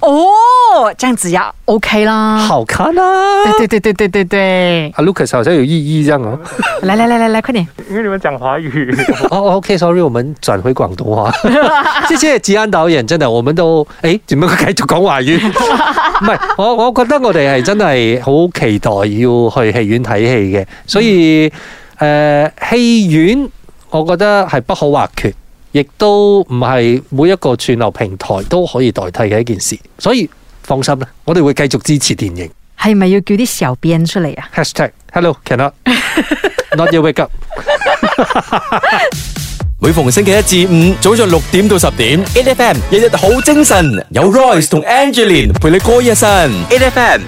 哦，這樣子呀，OK 啦，好啦、啊，對對對對對對對，阿、啊、Lucas 好像有意義這樣哦、啊，來 來來來來，快點，因為你們講華語，哦、oh, OK，sorry，、okay, 我們轉回廣東話， 謝謝吉安導演，真的，我們都，誒，怎麼會繼續講華語，唔 係， 我我覺得我哋係真係好期待要去戲院睇戲嘅，所以誒、嗯呃，戲院我覺得係不可或缺。亦都唔係每一個串流平台都可以代替嘅一件事，所以放心啦，我哋會繼續支持電影。係咪要叫啲小編出嚟啊？Hashtag Hello cannot not yet wake up 每逢星期一至五早上六點到十點，8FM 日日好精神，有 Royce 同 Angeline 陪你歌一 8FM